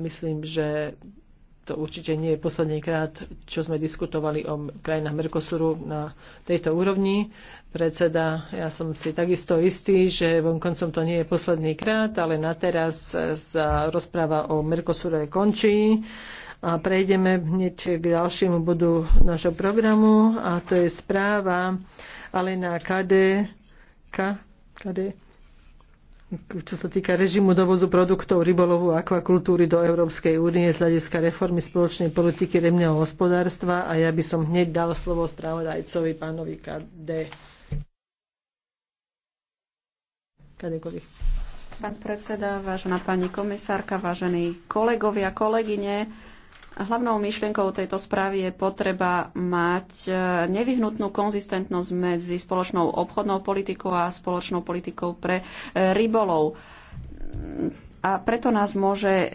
myslím, že to určite nie je posledný krát, čo sme diskutovali o krajinách Mercosuru na tejto úrovni. Predseda, ja som si takisto istý, že vonkoncom to nie je posledný krát, ale na teraz sa rozpráva o Mercosure končí a prejdeme hneď k ďalšiemu bodu nášho programu a to je správa Alena Kade, Ka, Kade čo sa týka režimu dovozu produktov rybolovu a akvakultúry do Európskej únie z hľadiska reformy spoločnej politiky remného hospodárstva a ja by som hneď dal slovo správodajcovi pánovi Kade. Kadekovi. Pán predseda, vážená pani komisárka, vážení kolegovia, kolegyne, Hlavnou myšlienkou tejto správy je potreba mať e, nevyhnutnú konzistentnosť medzi spoločnou obchodnou politikou a spoločnou politikou pre e, rybolov. A preto nás môže e,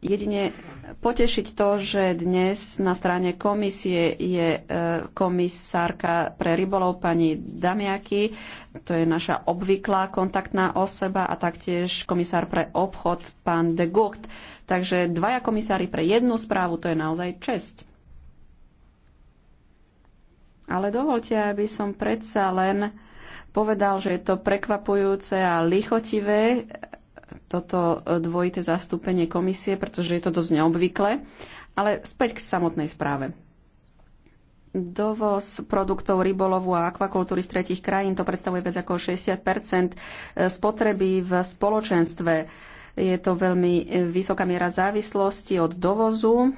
jedine potešiť to, že dnes na strane komisie je komisárka pre rybolov pani Damiaky, to je naša obvyklá kontaktná osoba a taktiež komisár pre obchod pán de Gucht. Takže dvaja komisári pre jednu správu, to je naozaj česť. Ale dovolte, aby som predsa len povedal, že je to prekvapujúce a lichotivé, toto dvojité zastúpenie komisie, pretože je to dosť neobvyklé. Ale späť k samotnej správe. Dovoz produktov rybolovu a akvakultúry z tretich krajín to predstavuje viac ako 60 spotreby v spoločenstve je to veľmi e, vysoká miera závislosti od dovozu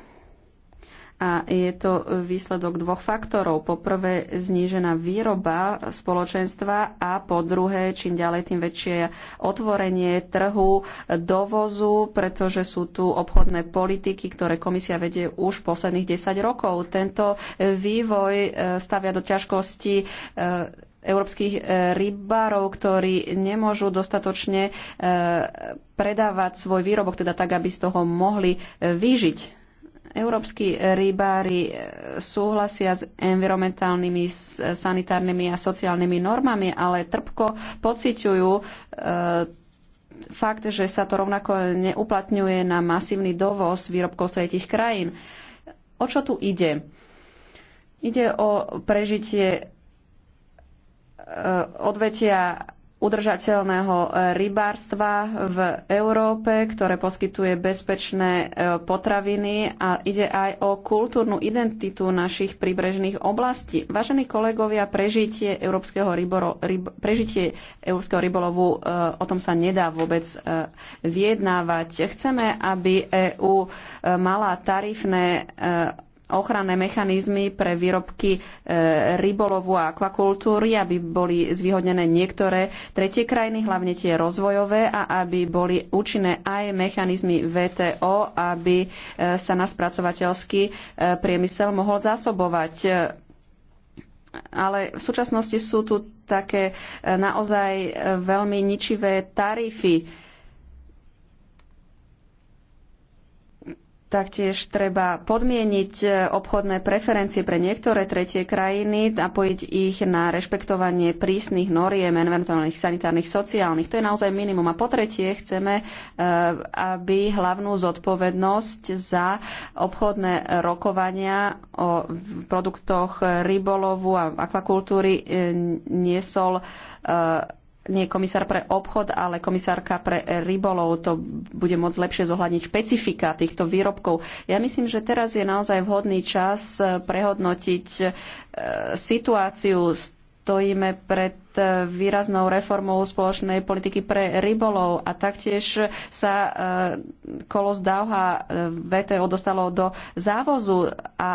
a je to výsledok dvoch faktorov. Po prvé, znížená výroba spoločenstva a po druhé, čím ďalej, tým väčšie otvorenie trhu dovozu, pretože sú tu obchodné politiky, ktoré komisia vedie už posledných 10 rokov. Tento vývoj e, stavia do ťažkosti e, európskych e, rybárov, ktorí nemôžu dostatočne e, predávať svoj výrobok, teda tak, aby z toho mohli e, vyžiť. Európsky rybári súhlasia s environmentálnymi, sanitárnymi a sociálnymi normami, ale trpko pociťujú fakt, že sa to rovnako neuplatňuje na masívny dovoz výrobkov z tretich krajín. O čo tu ide? Ide o prežitie Eh, odvetia udržateľného eh, rybárstva v Európe, ktoré poskytuje bezpečné eh, potraviny a ide aj o kultúrnu identitu našich príbrežných oblastí. Vážení kolegovia, prežitie európskeho, ryboro, ryb, prežitie európskeho rybolovu, o tom sa nedá vôbec vyjednávať. Chceme, aby EÚ mala tarifné ochranné mechanizmy pre výrobky e, rybolovu a akvakultúry, aby boli zvýhodnené niektoré tretie krajiny, hlavne tie rozvojové, a aby boli účinné aj mechanizmy VTO, aby e, sa na spracovateľský e, priemysel mohol zásobovať. Ale v súčasnosti sú tu také naozaj veľmi ničivé tarify Taktiež treba podmieniť e, obchodné preferencie pre niektoré tretie krajiny, napojiť ich na rešpektovanie prísnych noriem environmentálnych, sanitárnych, sociálnych. To je naozaj minimum. A po tretie chceme, e, aby hlavnú zodpovednosť za obchodné rokovania o produktoch rybolovu a akvakultúry e, niesol nie komisár pre obchod, ale komisárka pre rybolov. To bude môcť lepšie zohľadniť špecifika týchto výrobkov. Ja myslím, že teraz je naozaj vhodný čas prehodnotiť e, situáciu. Stojíme pred e, výraznou reformou spoločnej politiky pre rybolov a taktiež sa e, kolo z Dauha VTO dostalo do závozu a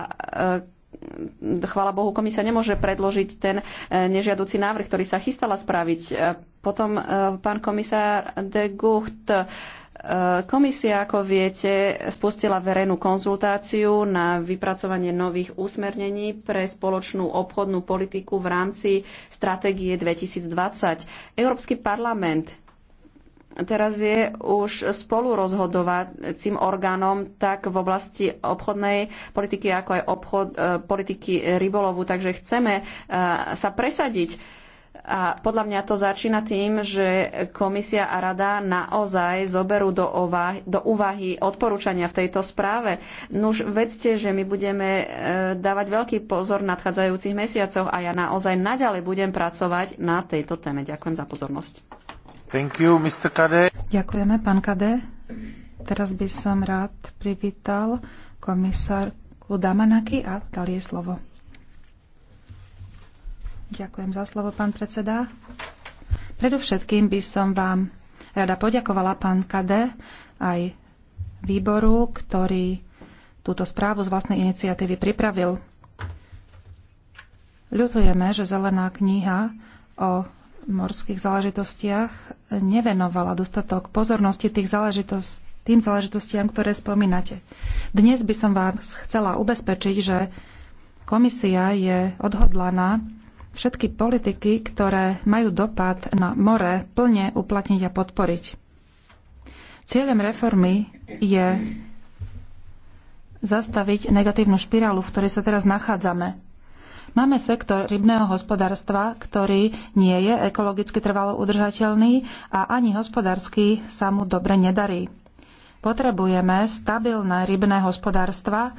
chvála Bohu, komisia nemôže predložiť ten e, nežiaducí návrh, ktorý sa chystala spraviť. E, potom e, pán komisár de Gucht, Komisia, ako viete, spustila verejnú konzultáciu na vypracovanie nových úsmernení pre spoločnú obchodnú politiku v rámci stratégie 2020. Európsky parlament teraz je už spolurozhodovacím orgánom tak v oblasti obchodnej politiky, ako aj obchod, e, politiky rybolovu. Takže chceme e, sa presadiť. A podľa mňa to začína tým, že komisia a rada naozaj zoberú do, ovahy, do úvahy odporúčania v tejto správe. Nuž vedzte, že my budeme e, dávať veľký pozor v nadchádzajúcich mesiacoch a ja naozaj naďalej budem pracovať na tejto téme. Ďakujem za pozornosť. You, Ďakujeme, pán Kade. Teraz by som rád privítal komisárku Damanaki a dal jej slovo. Ďakujem za slovo, pán predseda. Predovšetkým by som vám rada poďakovala, pán Kade, aj výboru, ktorý túto správu z vlastnej iniciatívy pripravil. Ľutujeme, že zelená kniha o morských záležitostiach nevenovala dostatok pozornosti tých záležitost, tým záležitostiam, ktoré spomínate. Dnes by som vás chcela ubezpečiť, že komisia je odhodlaná všetky politiky, ktoré majú dopad na more, plne uplatniť a podporiť. Cieľom reformy je zastaviť negatívnu špirálu, v ktorej sa teraz nachádzame Máme sektor rybného hospodárstva, ktorý nie je ekologicky trvalo udržateľný a ani hospodársky sa mu dobre nedarí. Potrebujeme stabilné rybné hospodárstva,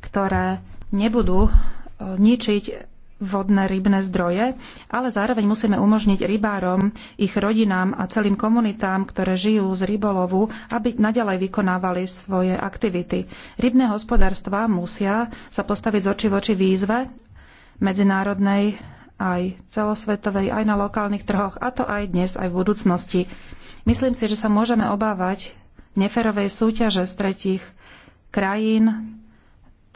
ktoré nebudú e, ničiť vodné rybné zdroje, ale zároveň musíme umožniť rybárom, ich rodinám a celým komunitám, ktoré žijú z rybolovu, aby nadalej vykonávali svoje aktivity. Rybné hospodárstva musia sa postaviť z oči oči výzve medzinárodnej, aj celosvetovej, aj na lokálnych trhoch, a to aj dnes, aj v budúcnosti. Myslím si, že sa môžeme obávať neferovej súťaže z tretich krajín,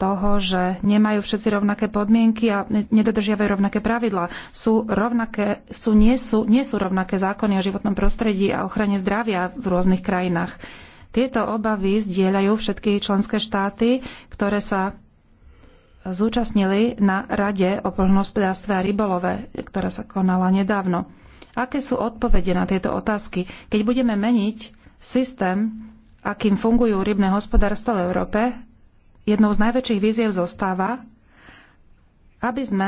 toho, že nemajú všetci rovnaké podmienky a nedodržiavajú rovnaké pravidlá. Sú rovnaké, sú, nie, sú, nie sú rovnaké zákony o životnom prostredí a ochrane zdravia v rôznych krajinách. Tieto obavy zdieľajú všetky členské štáty, ktoré sa zúčastnili na Rade o poľnohospodárstve a rybolove, ktorá sa konala nedávno. Aké sú odpovede na tieto otázky? Keď budeme meniť systém, akým fungujú rybné hospodárstvo v Európe, jednou z najväčších víziev zostáva, aby sme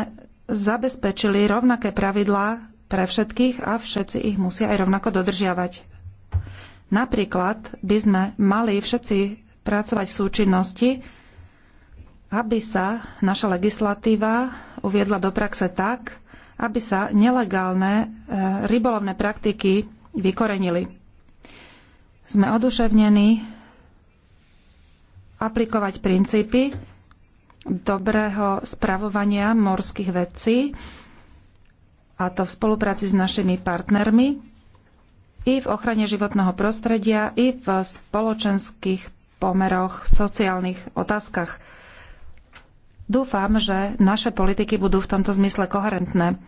zabezpečili rovnaké pravidlá pre všetkých a všetci ich musia aj rovnako dodržiavať. Napríklad by sme mali všetci pracovať v súčinnosti aby sa naša legislatíva uviedla do praxe tak, aby sa nelegálne e, rybolovné praktiky vykorenili. Sme oduševnení aplikovať princípy dobrého spravovania morských vecí, a to v spolupráci s našimi partnermi i v ochrane životného prostredia, i v spoločenských pomeroch, sociálnych otázkach. Dúfam, že naše politiky budú v tomto zmysle koherentné.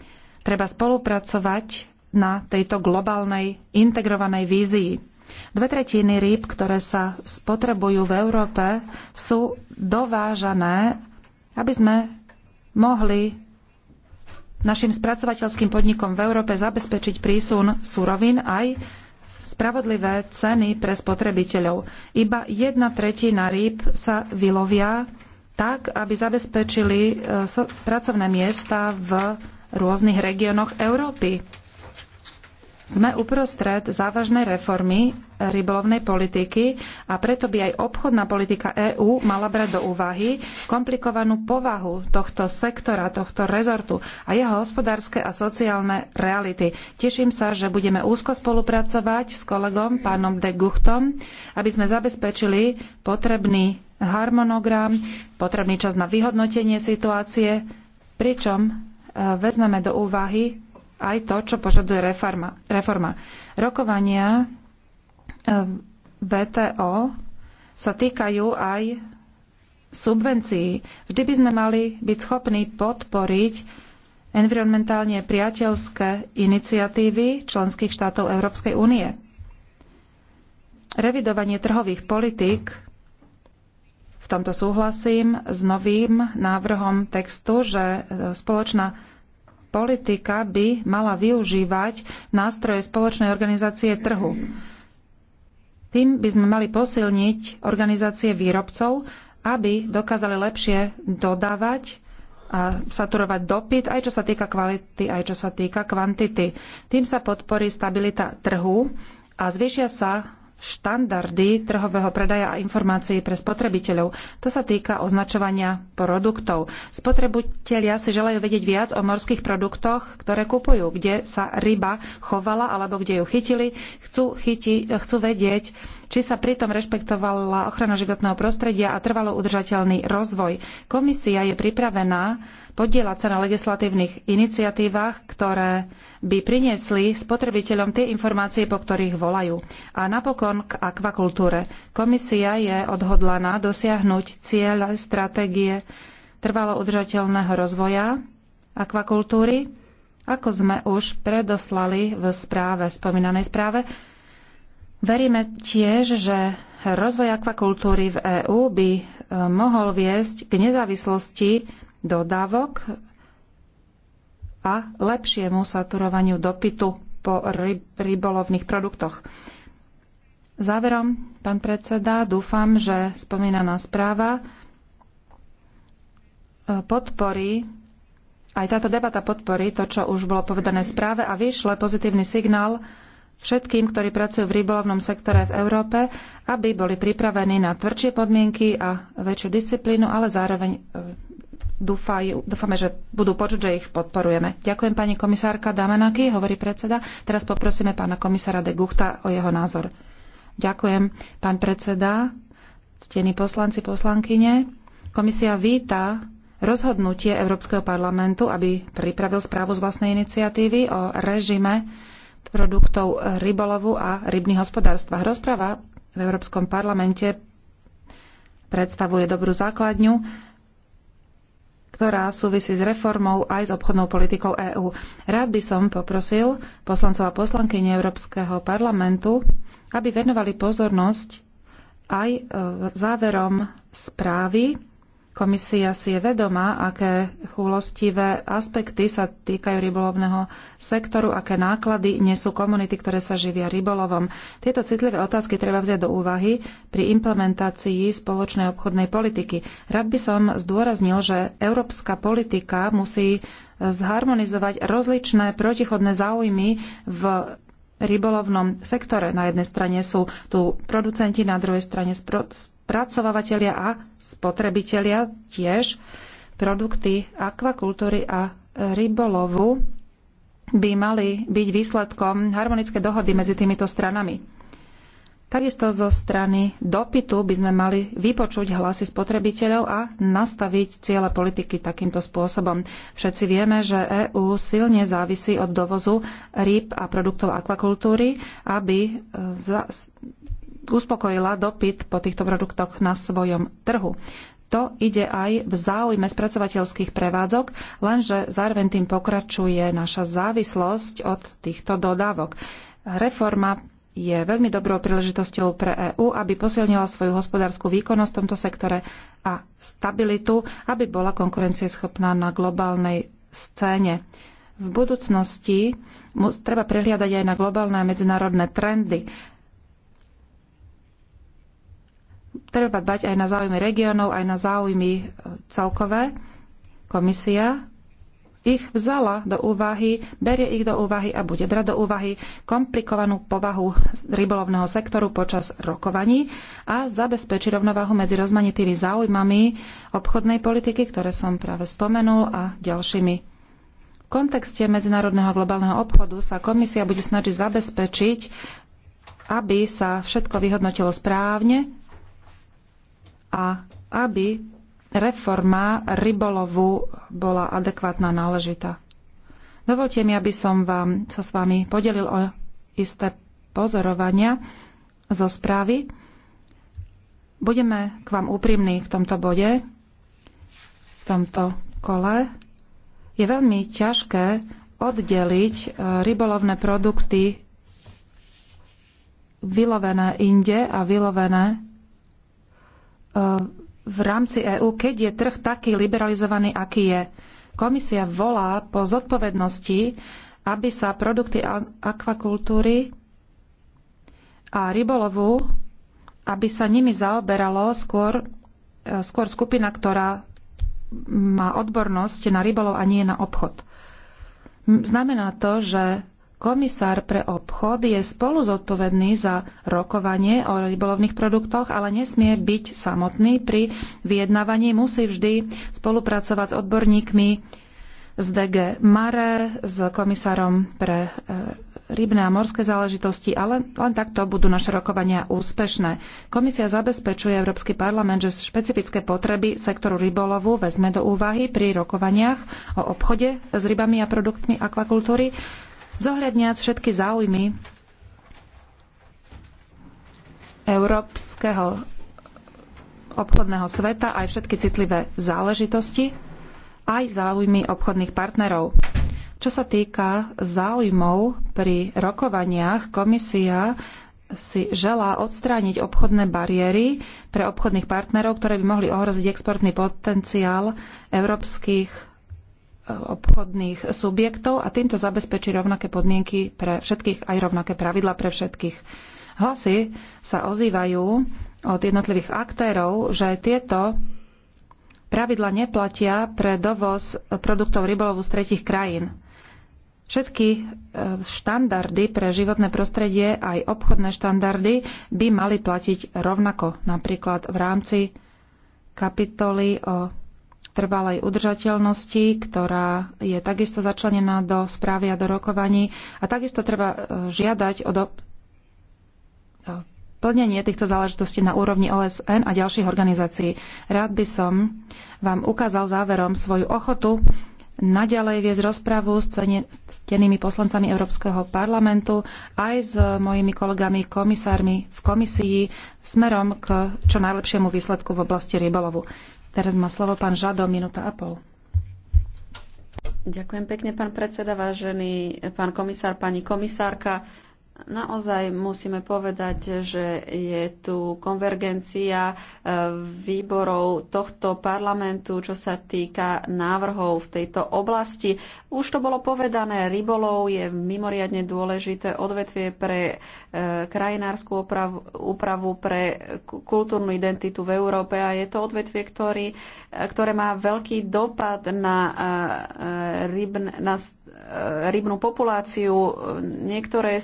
Treba spolupracovať na tejto globálnej integrovanej vízii. Dve tretiny rýb, ktoré sa spotrebujú v Európe, sú dovážané, aby sme mohli našim spracovateľským podnikom v Európe zabezpečiť prísun surovín aj spravodlivé ceny pre spotrebiteľov. Iba jedna tretina rýb sa vylovia tak, aby zabezpečili e, pracovné miesta v rôznych regiónoch Európy. Sme uprostred závažnej reformy e, rybolovnej politiky a preto by aj obchodná politika EÚ mala brať do úvahy komplikovanú povahu tohto sektora, tohto rezortu a jeho hospodárske a sociálne reality. Teším sa, že budeme úzko spolupracovať s kolegom pánom de Guchtom, aby sme zabezpečili potrebný harmonogram, potrebný čas na vyhodnotenie situácie, pričom e, vezmeme do úvahy aj to, čo požaduje reforma. reforma. Rokovania e, VTO sa týkajú aj subvencií. Vždy by sme mali byť schopní podporiť environmentálne priateľské iniciatívy členských štátov Európskej únie. Revidovanie trhových politík v tomto súhlasím s novým návrhom textu, že e, spoločná politika by mala využívať nástroje spoločnej organizácie trhu. Tým by sme mali posilniť organizácie výrobcov, aby dokázali lepšie dodávať a saturovať dopyt, aj čo sa týka kvality, aj čo sa týka kvantity. Tým sa podporí stabilita trhu a zvyšia sa štandardy trhového predaja a informácií pre spotrebiteľov. To sa týka označovania produktov. Spotrebitelia si želajú vedieť viac o morských produktoch, ktoré kupujú, kde sa ryba chovala alebo kde ju chytili. Chcú, chyti, chcú vedieť, či sa pritom rešpektovala ochrana životného prostredia a trvalo udržateľný rozvoj. Komisia je pripravená podielať sa na legislatívnych iniciatívach, ktoré by priniesli spotrebiteľom tie informácie, po ktorých volajú. A napokon k akvakultúre. Komisia je odhodlaná dosiahnuť cieľ stratégie trvalo udržateľného rozvoja akvakultúry, ako sme už predoslali v správe, spomínanej správe, Veríme tiež, že rozvoj akvakultúry v EÚ by e, mohol viesť k nezávislosti dodávok a lepšiemu saturovaniu dopytu po rybolovných produktoch. Záverom, pán predseda, dúfam, že spomínaná správa e, podporí, aj táto debata podporí to, čo už bolo povedané v správe a vyšle pozitívny signál všetkým, ktorí pracujú v rybolovnom sektore v Európe, aby boli pripravení na tvrdšie podmienky a väčšiu disciplínu, ale zároveň e, dúfajú, dúfame, že budú počuť, že ich podporujeme. Ďakujem pani komisárka Damenaky, hovorí predseda. Teraz poprosíme pána komisára de Guchta o jeho názor. Ďakujem, pán predseda, ctení poslanci, poslankyne. Komisia víta rozhodnutie Európskeho parlamentu, aby pripravil správu z vlastnej iniciatívy o režime produktov rybolovu a rybných hospodárstvách. Rozprava v Európskom parlamente predstavuje dobrú základňu, ktorá súvisí s reformou aj s obchodnou politikou EÚ. Rád by som poprosil poslancov a poslankyne Európskeho parlamentu, aby venovali pozornosť aj e, záverom správy Komisia si je vedomá, aké chulostivé aspekty sa týkajú rybolovného sektoru, aké náklady nesú komunity, ktoré sa živia rybolovom. Tieto citlivé otázky treba vziať do úvahy pri implementácii spoločnej obchodnej politiky. Rád by som zdôraznil, že európska politika musí zharmonizovať rozličné protichodné záujmy v rybolovnom sektore. Na jednej strane sú tu producenti, na druhej strane spro- spracovávateľia a spotrebitelia tiež produkty akvakultúry a rybolovu by mali byť výsledkom harmonické dohody medzi týmito stranami. Takisto zo strany dopytu by sme mali vypočuť hlasy spotrebiteľov a nastaviť ciele politiky takýmto spôsobom. Všetci vieme, že EÚ silne závisí od dovozu rýb a produktov akvakultúry, aby uspokojila dopyt po týchto produktoch na svojom trhu. To ide aj v záujme spracovateľských prevádzok, lenže zároveň tým pokračuje naša závislosť od týchto dodávok. Reforma je veľmi dobrou príležitosťou pre EÚ, aby posilnila svoju hospodárskú výkonnosť v tomto sektore a stabilitu, aby bola konkurencieschopná na globálnej scéne. V budúcnosti treba prehliadať aj na globálne a medzinárodné trendy treba dbať aj na záujmy regiónov, aj na záujmy e, celkové. Komisia ich vzala do úvahy, berie ich do úvahy a bude brať do úvahy komplikovanú povahu rybolovného sektoru počas rokovaní a zabezpečí rovnováhu medzi rozmanitými záujmami obchodnej politiky, ktoré som práve spomenul, a ďalšími. V kontexte medzinárodného globálneho obchodu sa komisia bude snažiť zabezpečiť, aby sa všetko vyhodnotilo správne a aby reforma rybolovu bola adekvátna a náležitá. Dovolte mi, aby som vám, sa s vami podelil o isté pozorovania zo správy. Budeme k vám úprimní v tomto bode, v tomto kole. Je veľmi ťažké oddeliť e, rybolovné produkty vylovené inde a vylovené Eh, v rámci EÚ, keď je trh taký liberalizovaný, aký je. Komisia volá po zodpovednosti, aby sa produkty akvakultúry a rybolovu, aby sa nimi zaoberalo skôr, eh, skôr skupina, ktorá má odbornosť na rybolov a nie na obchod. Znamená to, že Komisár pre obchod je spolu zodpovedný za rokovanie o rybolovných produktoch, ale nesmie byť samotný pri vyjednávaní. Musí vždy spolupracovať s odborníkmi z DG Mare, s komisárom pre e, rybné a morské záležitosti, ale len takto budú naše rokovania úspešné. Komisia zabezpečuje Európsky parlament, že špecifické potreby sektoru rybolovu vezme do úvahy pri rokovaniach o obchode s rybami a produktmi akvakultúry Zohľadňať všetky záujmy európskeho obchodného sveta, aj všetky citlivé záležitosti, aj záujmy obchodných partnerov. Čo sa týka záujmov pri rokovaniach, komisia si želá odstrániť obchodné bariéry pre obchodných partnerov, ktoré by mohli ohroziť exportný potenciál európskych obchodných subjektov a týmto zabezpečí rovnaké podmienky pre všetkých, aj rovnaké pravidla pre všetkých. Hlasy sa ozývajú od jednotlivých aktérov, že tieto pravidla neplatia pre dovoz produktov rybolovu z tretich krajín. Všetky e, štandardy pre životné prostredie aj obchodné štandardy by mali platiť rovnako, napríklad v rámci kapitoly o trvalej udržateľnosti, ktorá je takisto začlenená do správy a do rokovaní. A takisto treba e, žiadať o e, plnenie týchto záležitostí na úrovni OSN a ďalších organizácií. Rád by som vám ukázal záverom svoju ochotu naďalej viesť rozpravu s cenými poslancami Európskeho parlamentu aj s mojimi kolegami komisármi v komisii smerom k čo najlepšiemu výsledku v oblasti rybolovu. Teraz má slovo pán Žado, minúta a pol. Ďakujem pekne, pán predseda, vážený pán komisár, pani komisárka. Naozaj musíme povedať, že je tu konvergencia e, výborov tohto parlamentu, čo sa týka návrhov v tejto oblasti. Už to bolo povedané, rybolov je mimoriadne dôležité odvetvie pre e, krajinárskú úpravu, pre kultúrnu identitu v Európe a je to odvetvie, ktorý, e, ktoré má veľký dopad na, rybn, na E, rybnú populáciu. Niektoré e,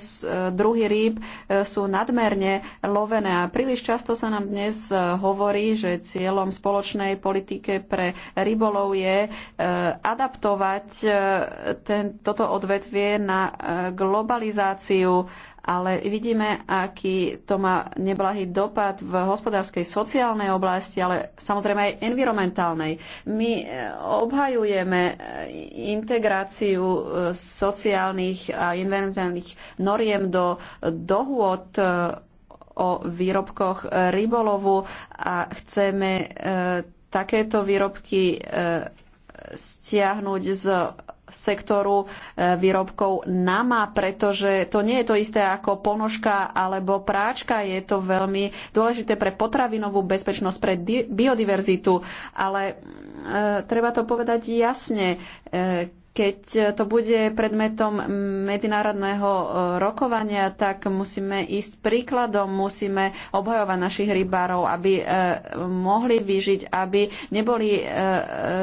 druhy rýb e, sú nadmerne lovené a príliš často sa nám dnes hovorí, že cieľom spoločnej politike pre rybolov je adaptovať ten, toto odvetvie na globalizáciu ale vidíme, aký to má neblahý dopad v hospodárskej, sociálnej oblasti, ale samozrejme aj environmentálnej. My e, obhajujeme e, integráciu e, sociálnych a environmentálnych noriem do dohôd o výrobkoch rybolovu a chceme takéto výrobky stiahnuť z sektoru e, výrobkov NAMA, pretože to nie je to isté ako ponožka alebo práčka. Je to veľmi dôležité pre potravinovú bezpečnosť, pre biodiverzitu. Ale e, treba to povedať jasne. E, keď to bude predmetom medzinárodného e, rokovania, tak musíme ísť príkladom, musíme obhajovať našich rybárov, aby e, mohli vyžiť, aby neboli e,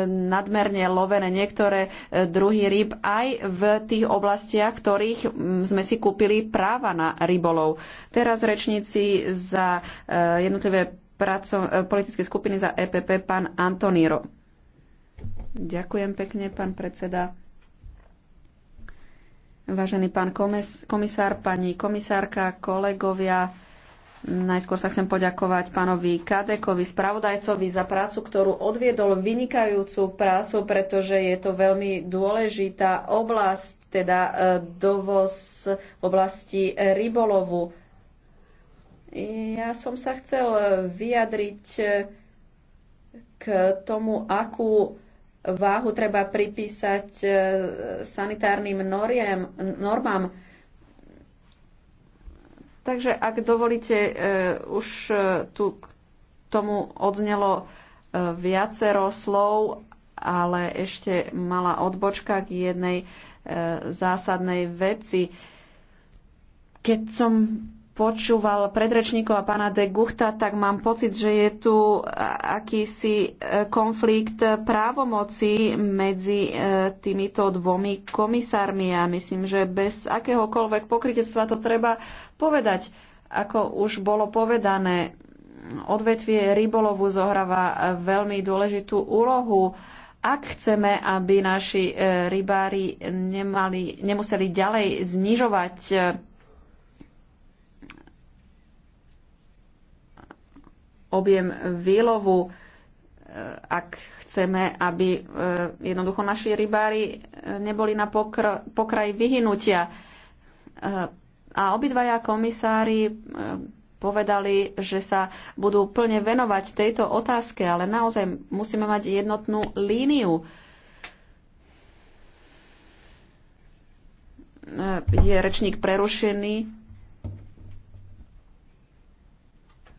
nadmerne lovené niektoré druhy ryb aj v tých oblastiach, ktorých sme si kúpili práva na rybolov. Teraz rečníci za jednotlivé politické skupiny za EPP, pán Antoniro. Ďakujem pekne, pán predseda. Vážený pán komisár, pani komisárka, kolegovia, najskôr sa chcem poďakovať pánovi Kadekovi, spravodajcovi za prácu, ktorú odviedol vynikajúcu prácu, pretože je to veľmi dôležitá oblasť, teda e, dovoz v oblasti rybolovu. Ja som sa chcel vyjadriť e, k tomu, akú váhu treba pripísať e, sanitárnym noriem, normám. Takže ak dovolíte, e, už e, tu k tomu odznelo viacero slov, ale ešte mala odbočka k jednej zásadnej veci. Keď som počúval predrečníkov a pána de Guchta, tak mám pocit, že je tu akýsi e, konflikt právomoci medzi e, týmito dvomi komisármi a myslím, že bez akéhokoľvek pokrytectva to treba povedať. Ako už bolo povedané, odvetvie rybolovu zohráva veľmi dôležitú úlohu ak chceme, aby naši e, rybári nemali, nemuseli ďalej znižovať objem výlovu, e, ak chceme, aby e, jednoducho naši rybári e, neboli na pokr- pokraji vyhynutia. A obidvaja komisári povedali, že sa budú plne venovať tejto otázke, ale naozaj musíme mať jednotnú líniu. Je rečník prerušený.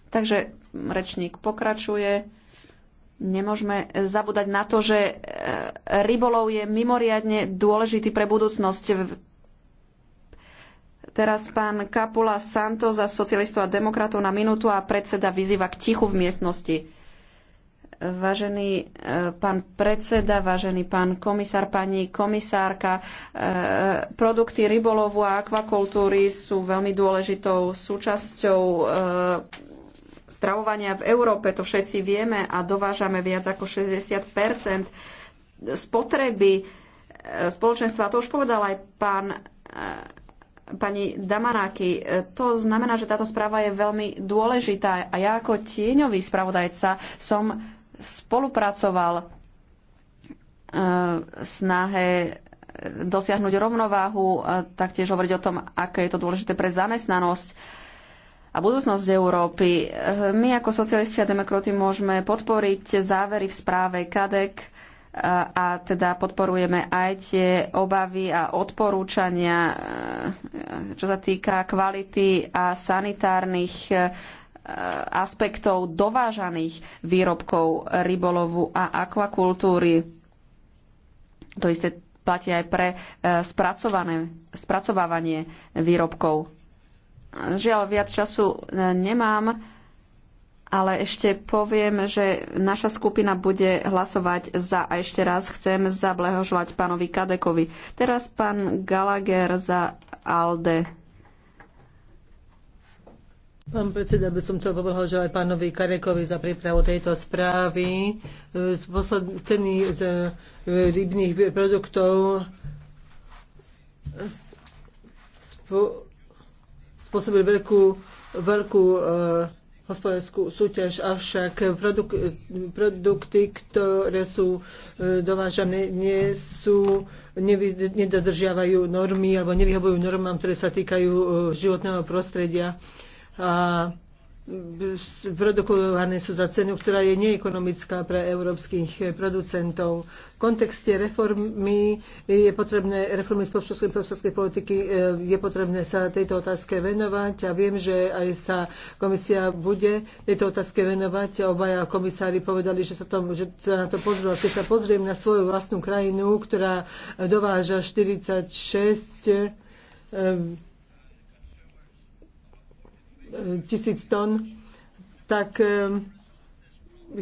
Takže Rečník pokračuje. Nemôžeme zabúdať na to, že e, rybolov je mimoriadne dôležitý pre budúcnosť. Teraz pán Kapula Santo za socialistov a demokratov na minútu a predseda vyzýva k tichu v miestnosti. Vážený e, pán predseda, vážený pán komisár, pani komisárka, e, produkty rybolovu a akvakultúry sú veľmi dôležitou súčasťou stravovania v Európe, to všetci vieme a dovážame viac ako 60 spotreby e, spoločenstva. To už povedal aj pán, e, pani Damanáky. E, to znamená, že táto správa je veľmi dôležitá a ja ako tieňový spravodajca som spolupracoval snahe dosiahnuť rovnováhu, taktiež hovoriť o tom, aké je to dôležité pre zamestnanosť a budúcnosť Európy. Eh, my ako socialisti a demokrati môžeme podporiť závery v správe KADEK eh, a teda podporujeme aj tie obavy a odporúčania, eh, čo sa týka kvality a sanitárnych aspektov dovážaných výrobkov rybolovu a akvakultúry. To isté platí aj pre spracované, spracovávanie výrobkov Žiaľ, viac času e, nemám, ale ešte poviem, že naša skupina bude hlasovať za a ešte raz chcem zablehožovať pánovi Kadekovi. Teraz pán Gallagher za ALDE. Pán predseda, by som chcel poblahoželať pánovi Karekovi za prípravu tejto správy. E, z posled, ceny z e, rybných produktov spôsobili veľkú, veľkú e, hospodárskú súťaž, avšak produk- produkty, ktoré sú e, dovážané, nie sú, nevy- nedodržiavajú normy alebo nevyhovujú normám, ktoré sa týkajú e, životného prostredia. A produkované sú za cenu, ktorá je neekonomická pre európskych producentov. V kontexte reformy je potrebné, reformy spoločenskej politiky e, je potrebné sa tejto otázke venovať a viem, že aj sa komisia bude tejto otázke venovať. Obaja komisári povedali, že sa, tom, že sa na to pozrú. A keď sa pozriem na svoju vlastnú krajinu, ktorá dováža 46 tisíc tón, tak e,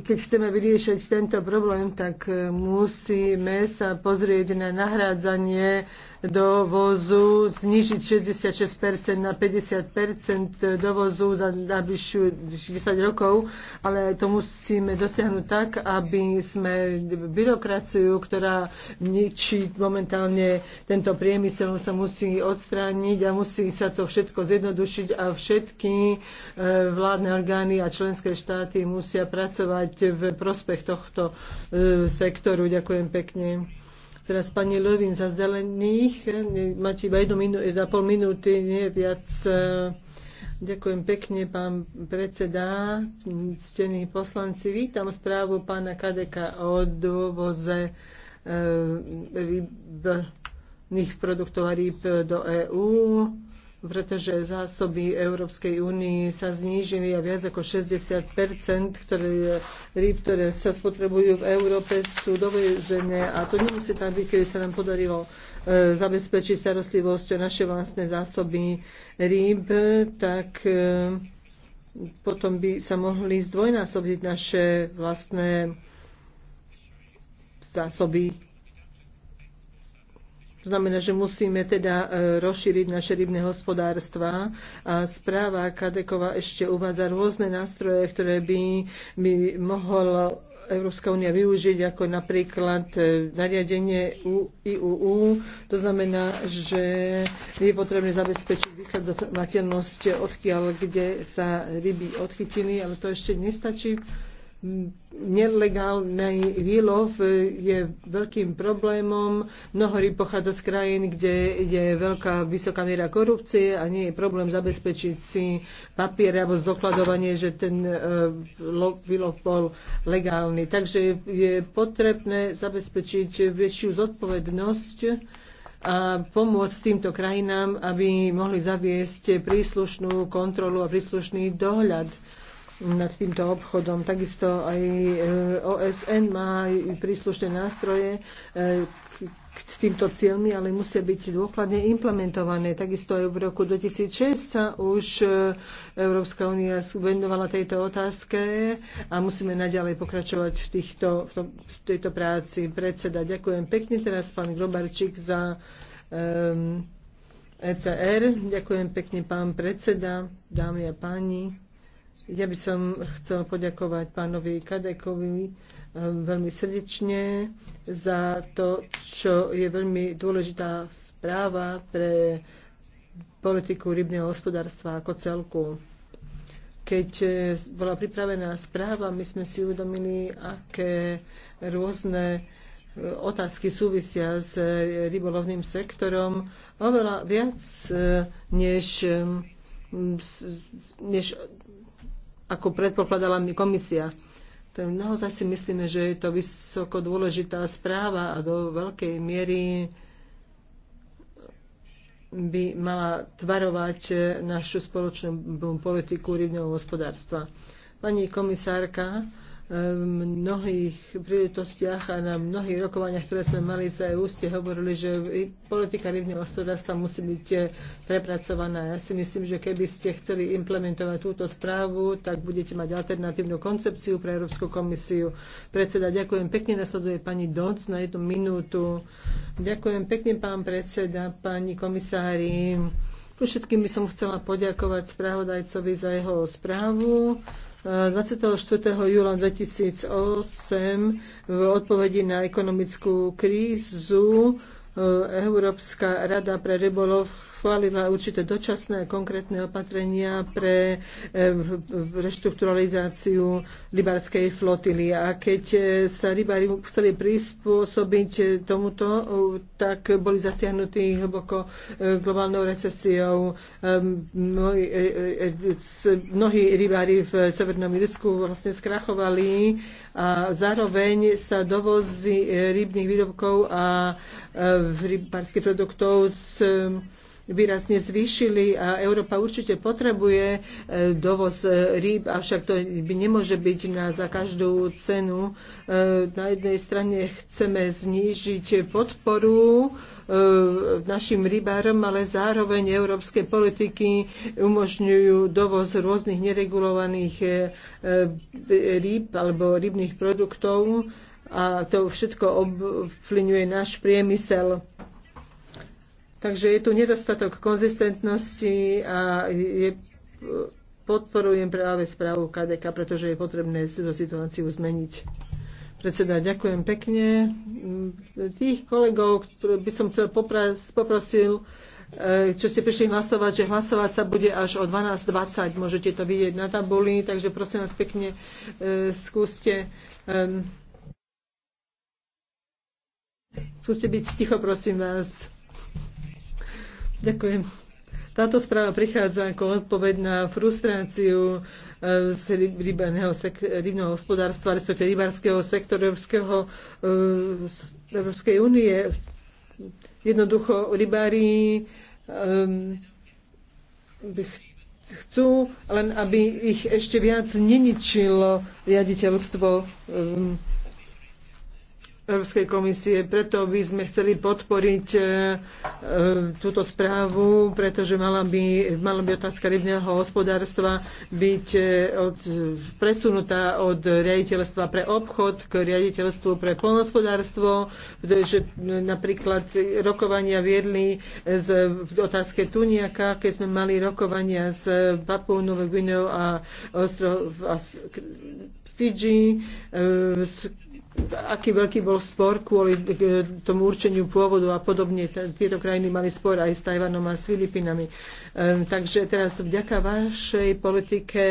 keď chceme vyriešiť tento problém, tak e, musíme sa pozrieť na nahrádzanie dovozu znižiť 66% na 50% dovozu za najbližšiu 10 rokov, ale to musíme dosiahnuť tak, aby sme byrokraciu, ktorá ničí momentálne tento priemysel, sa musí odstrániť a musí sa to všetko zjednodušiť a všetky e, vládne orgány a členské štáty musia pracovať v prospech tohto e, sektoru. Ďakujem pekne. Teraz pani Lövin za zelených. Máte iba jednu minú, jedna pol minúty, nie viac. Eh, ďakujem pekne, pán predseda, ctení poslanci. Vítam správu pána Kadeka o dovoze eh, rybných produktov a rýb do EÚ pretože zásoby Európskej únii sa znížili a viac ako 60 ktoré, rýb, ktoré sa spotrebujú v Európe, sú dovezené a to nemusí tam byť, keby sa nám podarilo e, zabezpečiť starostlivosť o naše vlastné zásoby rýb, tak e, potom by sa mohli zdvojnásobiť naše vlastné zásoby to znamená, že musíme teda e, rozšíriť naše rybné hospodárstva. A správa Kadekova ešte uvádza rôzne nástroje, ktoré by, by mohol Európska únia využiť, ako napríklad e, nariadenie IUU. To znamená, že je potrebné zabezpečiť výsledovateľnosť odkiaľ, kde sa ryby odchytili, ale to ešte nestačí nelegálny výlov e, je veľkým problémom. Mnoho rýb pochádza z krajín, kde je veľká vysoká miera korupcie a nie je problém zabezpečiť si papier alebo zdokladovanie, že ten e, výlov bol legálny. Takže je potrebné zabezpečiť väčšiu zodpovednosť a pomôcť týmto krajinám, aby mohli zaviesť príslušnú kontrolu a príslušný dohľad nad týmto obchodom. Takisto aj e, OSN má príslušné nástroje e, k týmto cieľmi, ale musia byť dôkladne implementované. Takisto aj v roku 2006 sa už e, Európska únia venovala tejto otázke a musíme naďalej pokračovať v, týchto, v, tom, v tejto práci. Predseda, ďakujem pekne teraz pán Grobarčík za um, ECR. Ďakujem pekne pán predseda, dámy a páni. Ja by som chcel poďakovať pánovi Kadekovi eh, veľmi srdečne za to, čo je veľmi dôležitá správa pre politiku rybného hospodárstva ako celku. Keď eh, bola pripravená správa, my sme si uvedomili, aké rôzne eh, otázky súvisia s rybolovným sektorom oveľa viac, než, než ako predpokladala mi komisia. To naozaj si myslíme, že je to vysoko dôležitá správa a do veľkej miery by mala tvarovať našu spoločnú politiku rybného hospodárstva. Pani komisárka, mnohých príležitostiach a na mnohých rokovaniach, ktoré sme mali za EU, ste hovorili, že politika rybného hospodárstva musí byť eh, prepracovaná. Ja si myslím, že keby ste chceli implementovať túto správu, tak budete mať alternatívnu koncepciu pre Európsku komisiu. Predseda, ďakujem pekne. Nasleduje pani Doc na jednu minútu. Ďakujem pekne, pán predseda, pani komisári. všetkým by som chcela poďakovať spravodajcovi za jeho správu. 24. júla 2008 v odpovedi na ekonomickú krízu E, Európska rada pre rybolov schválila určité dočasné a konkrétne opatrenia pre e, reštrukturalizáciu rybárskej flotily. A keď e, sa rybári chceli prispôsobiť tomuto, tak boli zasiahnutí hlboko globálnou recesiou. Mnohí rybári v Severnom Irsku vlastne skrachovali a zároveň sa dovozy rybných výrobkov a rybárskych produktov z um, výrazne zvýšili a Európa určite potrebuje e, dovoz e, rýb, avšak to by nemôže byť na, za každú cenu. E, na jednej strane chceme znížiť podporu našim rybárom, ale zároveň európske politiky umožňujú dovoz rôznych neregulovaných rýb alebo rybných produktov a to všetko ovplyvňuje náš priemysel. Takže je tu nedostatok konzistentnosti a je, podporujem práve správu KDK, pretože je potrebné situáciu zmeniť. Predseda, ďakujem pekne. Tých kolegov by som chcel popras, poprosil, eh, čo ste prišli hlasovať, že hlasovať sa bude až o 12.20. Môžete to vidieť na tabuli, takže prosím vás pekne, eh, skúste ehm, Skúste byť ticho, prosím vás. Ďakujem. Táto správa prichádza ako odpoveď na frustráciu eh, z rybného, rybného hospodárstva, respektive rybárskeho sektora Európskeho, eh, Európskej únie. Jednoducho rybári eh, chcú, len aby ich ešte viac neničilo riaditeľstvo um, Európskej komisie. Preto by sme chceli podporiť e, e, túto správu, pretože mala by, mala by otázka rybného hospodárstva byť e, od, presunutá od riaditeľstva pre obchod k riaditeľstvu pre polnospodárstvo, že napríklad rokovania viedli z otázke Tuniaka, keď sme mali rokovania s Papou Novou Gvineou a, ostro, a Fidži, e, s, aký veľký bol spor kvôli e, tomu určeniu pôvodu a podobne. Tieto krajiny mali spor aj s Tajvanom a s Filipinami. Takže teraz vďaka vašej politike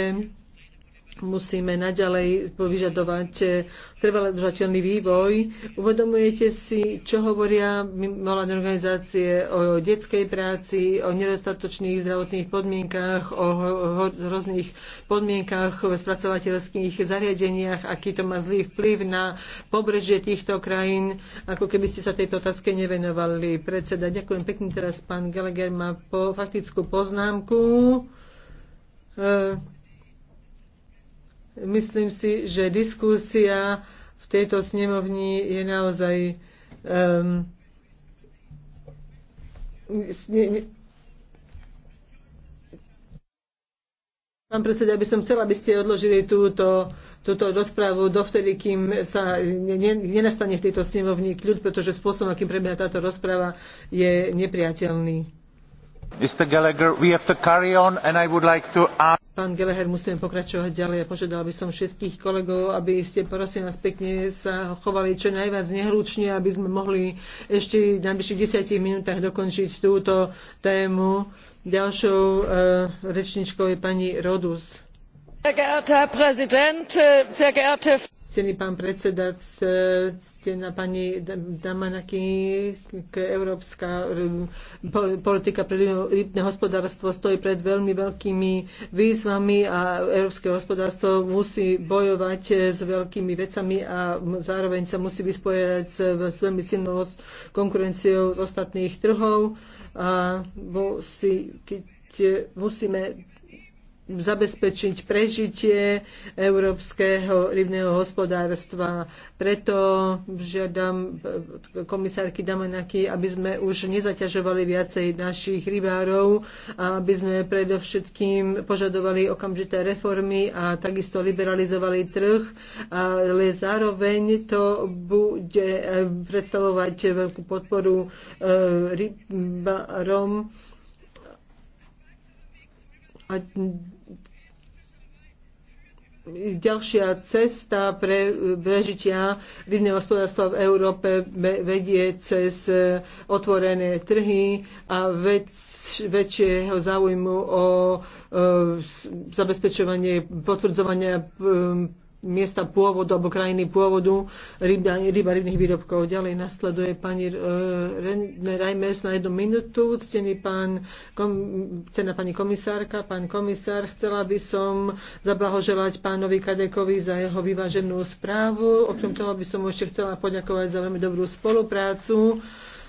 musíme naďalej vyžadovať eh, trvalý držateľný vývoj. Uvedomujete si, čo hovoria mimovládne organizácie o detskej práci, o nedostatočných zdravotných podmienkách, o hrozných podmienkach v spracovateľských zariadeniach, aký to má zlý vplyv na pobrežie týchto krajín, ako keby ste sa tejto otázke nevenovali. Predseda, ďakujem pekne teraz. Pán Gallagher má po faktickú poznámku. E Myslím si, že diskusia v tejto snemovni je naozaj um, Pán predseda, by som chcela, aby ste odložili túto, túto rozprávu dovtedy, kým sa ne, nenastane v tejto snemovni kľud, pretože spôsob, akým prebieha táto rozpráva, je nepriateľný. Mr. Gallagher, we have to carry on and I would like to ask Pán Geleher, musím pokračovať ďalej. Požiadal by som všetkých kolegov, aby ste prosím nás pekne sa chovali čo najviac nehlučne, aby sme mohli ešte v najbližších desiatich minútach dokončiť túto tému. Ďalšou e, rečničkou je pani Rodus. Sehr geehrter Präsident, eh, sehr geehrte Ctený pán predseda, ctená pani Damanaki, európska politika pre rybné hospodárstvo stojí pred veľmi veľkými výzvami a európske hospodárstvo musí bojovať eh, s veľkými vecami a zároveň sa musí vyspojerať s veľmi silnou konkurenciou z ostatných trhov a musí, keď eh, musíme zabezpečiť prežitie európskeho rybného hospodárstva. Preto žiadam eh, komisárky Damanaky, aby sme už nezaťažovali viacej našich rybárov, aby sme predovšetkým požadovali okamžité reformy a takisto liberalizovali trh, ale zároveň to bude eh, predstavovať veľkú podporu eh, rybárom a ďalšia cesta pre prežitia rybného hospodárstva v Európe vedie cez e, otvorené trhy a väč, väčšieho záujmu o, o e, zabezpečovanie potvrdzovania e, miesta pôvodu alebo krajiny pôvodu ryba, ryba rybných výrobkov. Ďalej nasleduje pani e, Rajmes na jednu minútu. Ctený pán, kom, ctená pani komisárka, pán komisár, chcela by som zablahoželať pánovi Kadekovi za jeho vyváženú správu. Okrem toho by som ešte chcela poďakovať za veľmi dobrú spoluprácu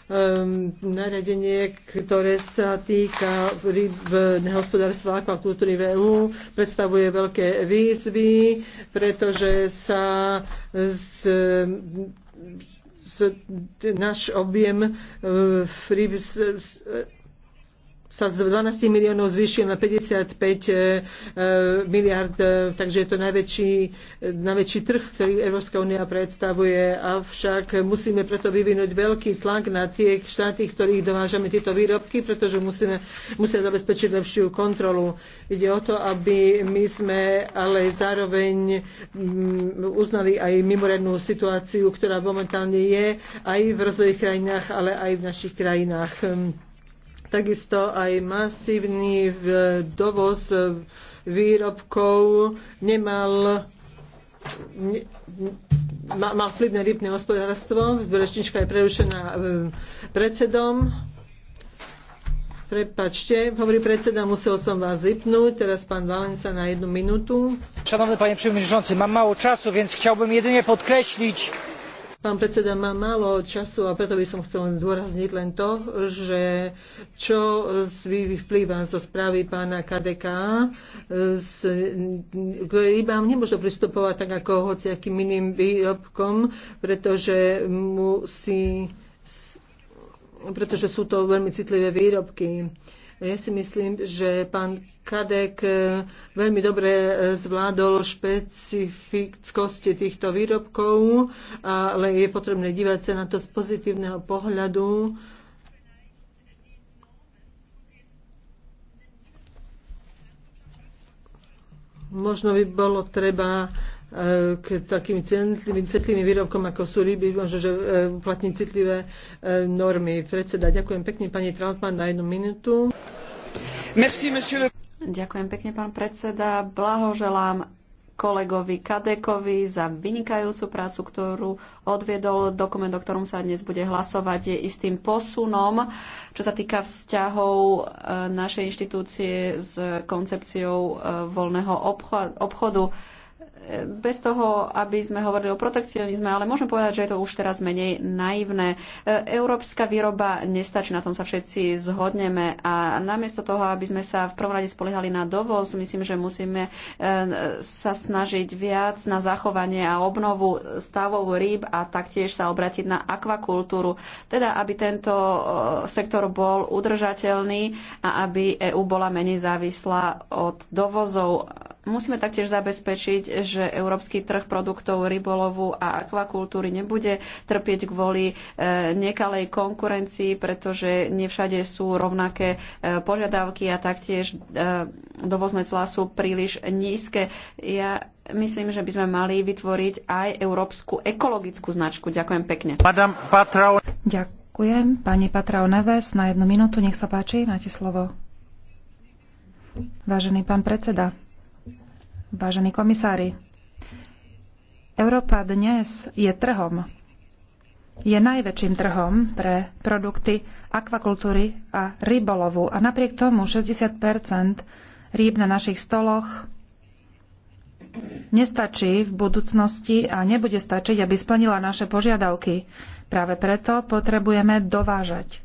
um, nariadenie, ktoré sa týka rybného hospodárstva a kultúry v EU, predstavuje veľké výzvy, pretože sa z, z, náš objem uh, eh, ryb z, z, sa z 12 miliónov zvýšil na 55 e, e, miliard, e, takže je to najväčší, najväčší trh, ktorý Európska únia predstavuje. Avšak musíme preto vyvinúť veľký tlak na tie štáty, ktorých dovážame tieto výrobky, pretože musíme, musia zabezpečiť lepšiu kontrolu. Ide o to, aby my sme ale zároveň mm, uznali aj mimoriadnú situáciu, ktorá momentálne je aj v rozvojových krajinách, ale aj v našich krajinách takisto aj masívny eh, dovoz eh, výrobkov nemal ne, má, má vplyv na rybné hospodárstvo. Rečnička je prerušená eh, predsedom. Prepačte, hovorí predseda, musel som vás zipnúť. Teraz pán Valenca na jednu minútu. Szanowny panie przewodniczący, mam mało czasu, więc chciałbym jedynie podkreślić, Pán predseda, mám málo času a preto by som chcel zdôrazniť len to, že čo vyplýva zo správy pána KDK, k rybám nemôžu pristupovať tak ako hociakým iným výrobkom, pretože musí pretože sú to veľmi citlivé výrobky. Ja si myslím, že pán Kadek e, veľmi dobre e, zvládol špecifickosti týchto výrobkov, ale je potrebné dívať sa na to z pozitívneho pohľadu. Možno by bolo treba k takým citlivým, citlivým výrobkom, ako sú ryby, možno, že e, uplatní citlivé e, normy. Predseda, ďakujem pekne pani Trautmann na jednu minútu. Merci, monsieur. Ďakujem pekne, pán predseda. Blahoželám kolegovi Kadekovi za vynikajúcu prácu, ktorú odviedol. Dokument, o ktorom sa dnes bude hlasovať, je istým posunom, čo sa týka vzťahov e, našej inštitúcie s koncepciou voľného obchodu bez toho, aby sme hovorili o protekcionizme, ale môžem povedať, že je to už teraz menej naivné. E, európska výroba nestačí, na tom sa všetci zhodneme a namiesto toho, aby sme sa v prvom rade spoliehali na dovoz, myslím, že musíme e, sa snažiť viac na zachovanie a obnovu stavov rýb a taktiež sa obratiť na akvakultúru, teda aby tento e, sektor bol udržateľný a aby EÚ bola menej závislá od dovozov Musíme taktiež zabezpečiť, že európsky trh produktov rybolovu a akvakultúry nebude trpieť kvôli e, nekalej konkurencii, pretože nevšade sú rovnaké e, požiadavky a taktiež e, dovozné clá sú príliš nízke. Ja myslím, že by sme mali vytvoriť aj európsku ekologickú značku. Ďakujem pekne. Ďakujem. Pani Patrao Neves, na jednu minútu, nech sa páči, máte slovo. Vážený pán predseda, vážení komisári. Európa dnes je trhom. Je najväčším trhom pre produkty akvakultúry a rybolovu a napriek tomu 60 rýb na našich stoloch nestačí v budúcnosti a nebude stačiť, aby splnila naše požiadavky. Práve preto potrebujeme dovážať.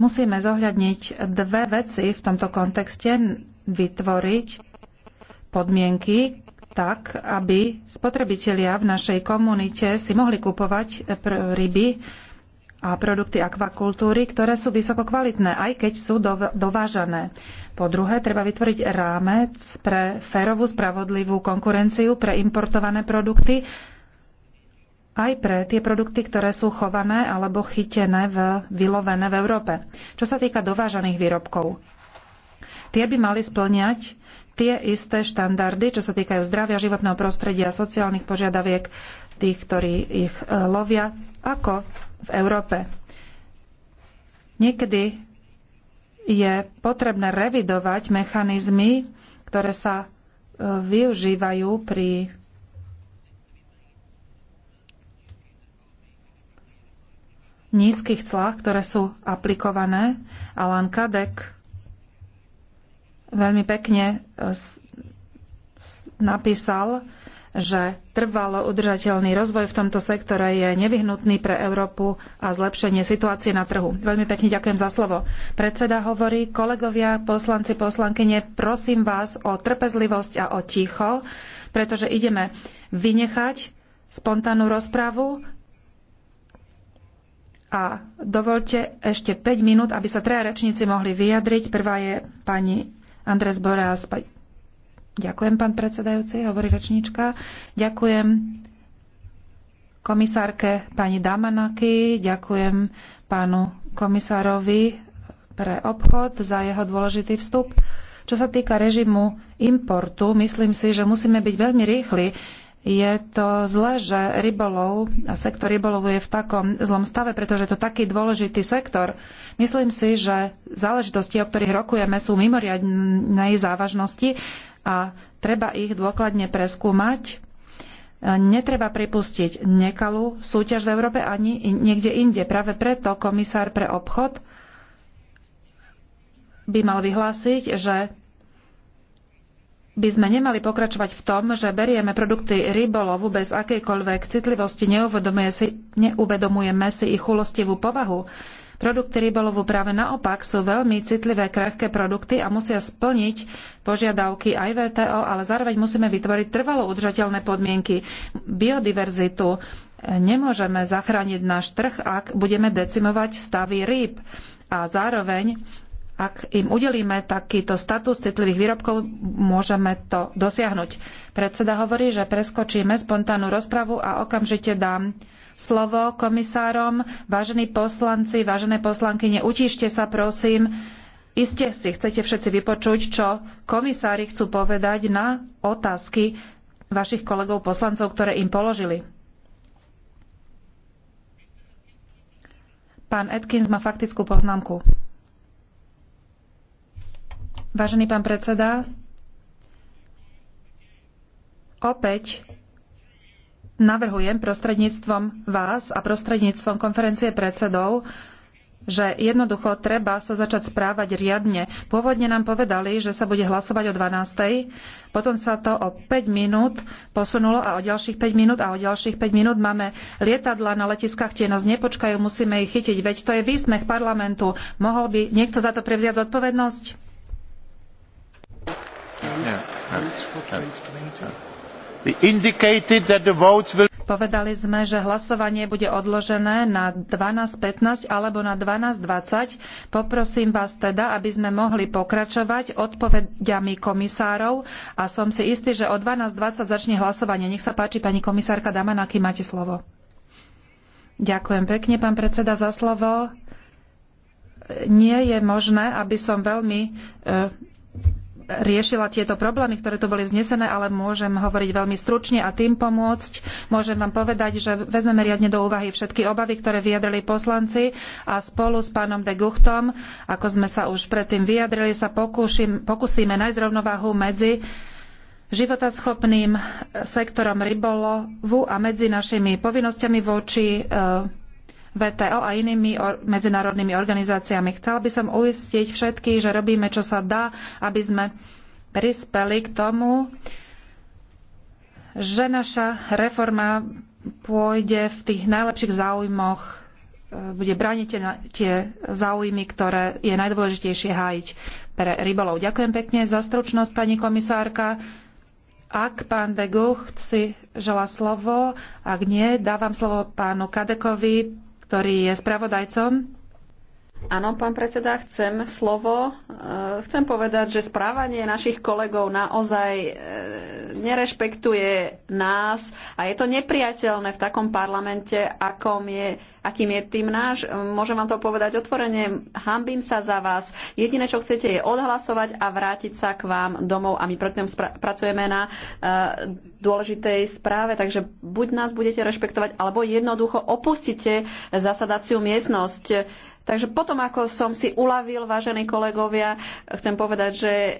Musíme zohľadniť dve veci v tomto kontexte vytvoriť podmienky tak, aby spotrebitelia v našej komunite si mohli kupovať eh, ryby a produkty akvakultúry, ktoré sú vysoko kvalitné, aj keď sú dovážané. Po druhé, treba vytvoriť rámec pre férovú, spravodlivú konkurenciu pre importované produkty, aj pre tie produkty, ktoré sú chované alebo chytené, v, vylovené v Európe. Čo sa týka dovážaných výrobkov, Tie by mali splňať tie isté štandardy, čo sa týkajú zdravia, životného prostredia, sociálnych požiadaviek tých, ktorí ich e, lovia, ako v Európe. Niekedy je potrebné revidovať mechanizmy, ktoré sa e, využívajú pri nízkych clách, ktoré sú aplikované. Alan Kadek veľmi pekne e, napísal, že trvalo udržateľný rozvoj v tomto sektore je nevyhnutný pre Európu a zlepšenie situácie na trhu. Veľmi pekne ďakujem za slovo. Predseda hovorí, kolegovia, poslanci, poslankyne, prosím vás o trpezlivosť a o ticho, pretože ideme vynechať spontánnu rozpravu a dovolte ešte 5 minút, aby sa traja rečníci mohli vyjadriť. Prvá je pani Andres Borás. Pa... Ďakujem, pán predsedajúci, hovorí rečníčka. Ďakujem komisárke pani Damanaki, ďakujem pánu komisárovi pre obchod za jeho dôležitý vstup. Čo sa týka režimu importu, myslím si, že musíme byť veľmi rýchli je to zle, že rybolov a sektor rybolovu je v takom zlom stave, pretože je to taký dôležitý sektor. Myslím si, že záležitosti, o ktorých rokujeme, sú mimoriadnej závažnosti a treba ich dôkladne preskúmať. Netreba pripustiť nekalú súťaž v Európe ani niekde inde. Práve preto komisár pre obchod by mal vyhlásiť, že by sme nemali pokračovať v tom, že berieme produkty rybolovu bez akejkoľvek citlivosti, si, neuvedomujeme si ich chulostivú povahu. Produkty rybolovu práve naopak sú veľmi citlivé, krehké produkty a musia splniť požiadavky aj VTO, ale zároveň musíme vytvoriť trvalo udržateľné podmienky, biodiverzitu. Nemôžeme zachrániť náš trh, ak budeme decimovať stavy rýb a zároveň ak im udelíme takýto status citlivých výrobkov, môžeme to dosiahnuť. Predseda hovorí, že preskočíme spontánnu rozpravu a okamžite dám slovo komisárom. Vážení poslanci, vážené poslankyne, utíšte sa prosím. Iste si chcete všetci vypočuť, čo komisári chcú povedať na otázky vašich kolegov poslancov, ktoré im položili. Pán Atkins má faktickú poznámku. Vážený pán predseda, opäť navrhujem prostredníctvom vás a prostredníctvom konferencie predsedov, že jednoducho treba sa začať správať riadne. Pôvodne nám povedali, že sa bude hlasovať o 12. Potom sa to o 5 minút posunulo a o ďalších 5 minút a o ďalších 5 minút máme lietadla na letiskách, tie nás nepočkajú, musíme ich chytiť. Veď to je výsmech parlamentu. Mohol by niekto za to prevziať zodpovednosť? Povedali sme, že hlasovanie bude odložené na 12.15 alebo na 12.20. Poprosím vás teda, aby sme mohli pokračovať odpovediami komisárov a som si istý, že o 12.20 začne hlasovanie. Nech sa páči, pani komisárka Damanaky, máte slovo. Ďakujem pekne, pán predseda, za slovo. Nie je možné, aby som veľmi e, riešila tieto problémy, ktoré tu boli vznesené, ale môžem hovoriť veľmi stručne a tým pomôcť. Môžem vám povedať, že vezmeme riadne do úvahy všetky obavy, ktoré vyjadrili poslanci a spolu s pánom de Guchtom, ako sme sa už predtým vyjadrili, sa pokúšim, pokúsime nájsť rovnováhu medzi životaschopným sektorom rybolovu a medzi našimi povinnosťami voči e, VTO a inými medzinárodnými organizáciami. Chcela by som uistiť všetkých, že robíme, čo sa dá, aby sme prispeli k tomu, že naša reforma pôjde v tých najlepších záujmoch, e, bude brániť tie, tie záujmy, ktoré je najdôležitejšie hájiť pre rybolov. Ďakujem pekne za stručnosť, pani komisárka. Ak pán de Gucht si žela slovo, ak nie, dávam slovo pánu Kadekovi, ktorý je spravodajcom Áno, pán predseda, chcem slovo. Eh, chcem povedať, že správanie našich kolegov naozaj eh, nerešpektuje nás a je to nepriateľné v takom parlamente, akom je, akým je tým náš. Môžem vám to povedať otvorene, hambím sa za vás. Jediné, čo chcete, je odhlasovať a vrátiť sa k vám domov a my preto pracujeme na eh, dôležitej správe, takže buď nás budete rešpektovať, alebo jednoducho opustite zasadaciu miestnosť Takže potom, ako som si uľavil, vážení kolegovia, chcem povedať, že e,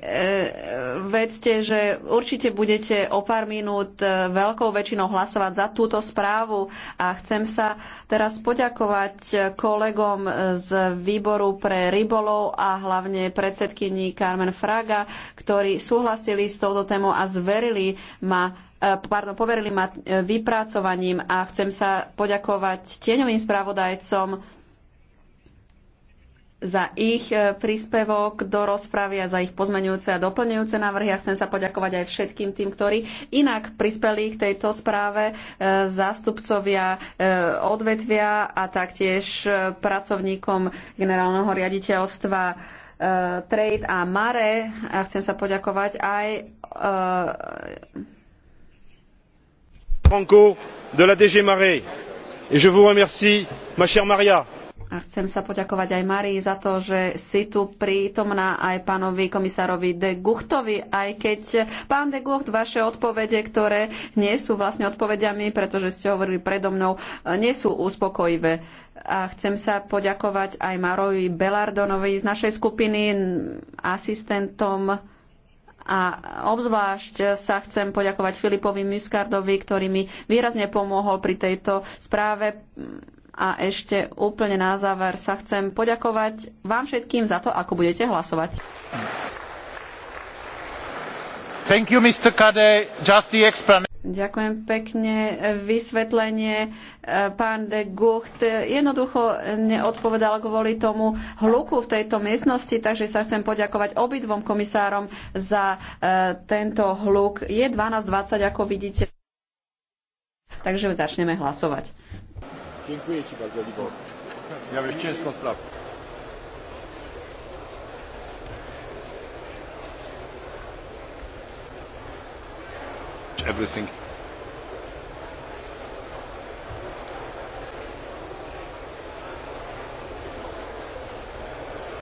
vedzte, že určite budete o pár minút e, veľkou väčšinou hlasovať za túto správu a chcem sa teraz poďakovať kolegom z výboru pre rybolov a hlavne predsedkyni Carmen Fraga, ktorí súhlasili s touto témou a zverili ma e, pardon, poverili ma e, vypracovaním a chcem sa poďakovať tieňovým spravodajcom za ich e, príspevok do rozpravy a za ich pozmenujúce a doplňujúce návrhy. A chcem sa poďakovať aj všetkým tým, ktorí inak prispeli k tejto správe, e, zástupcovia e, odvetvia a taktiež pracovníkom generálneho riaditeľstva Trade a Mare. A chcem sa poďakovať aj Franco de la DG Mare. Et je vous remercie, ma chère Maria, Chcem sa poďakovať aj Marii za to, že si tu prítomná aj pánovi komisárovi de Guchtovi, aj keď pán de Gucht, vaše odpovede, ktoré nie sú vlastne odpovediami, pretože ste hovorili predo mnou, nie sú uspokojivé. A chcem sa poďakovať aj Marovi Belardonovi z našej skupiny, asistentom a obzvlášť sa chcem poďakovať Filipovi Muscardovi, ktorý mi výrazne pomohol pri tejto správe a ešte úplne na záver sa chcem poďakovať vám všetkým za to, ako budete hlasovať. Thank you, Mr. Kade. Just the Ďakujem pekne. Vysvetlenie eh, pán de Gucht jednoducho neodpovedal kvôli tomu hluku v tejto miestnosti, takže sa chcem poďakovať obidvom komisárom za eh, tento hluk. Je 12.20, ako vidíte. Takže začneme hlasovať. Dziękuję Ci bardzo, Libor. Miałeś ciężką sprawę. Everything.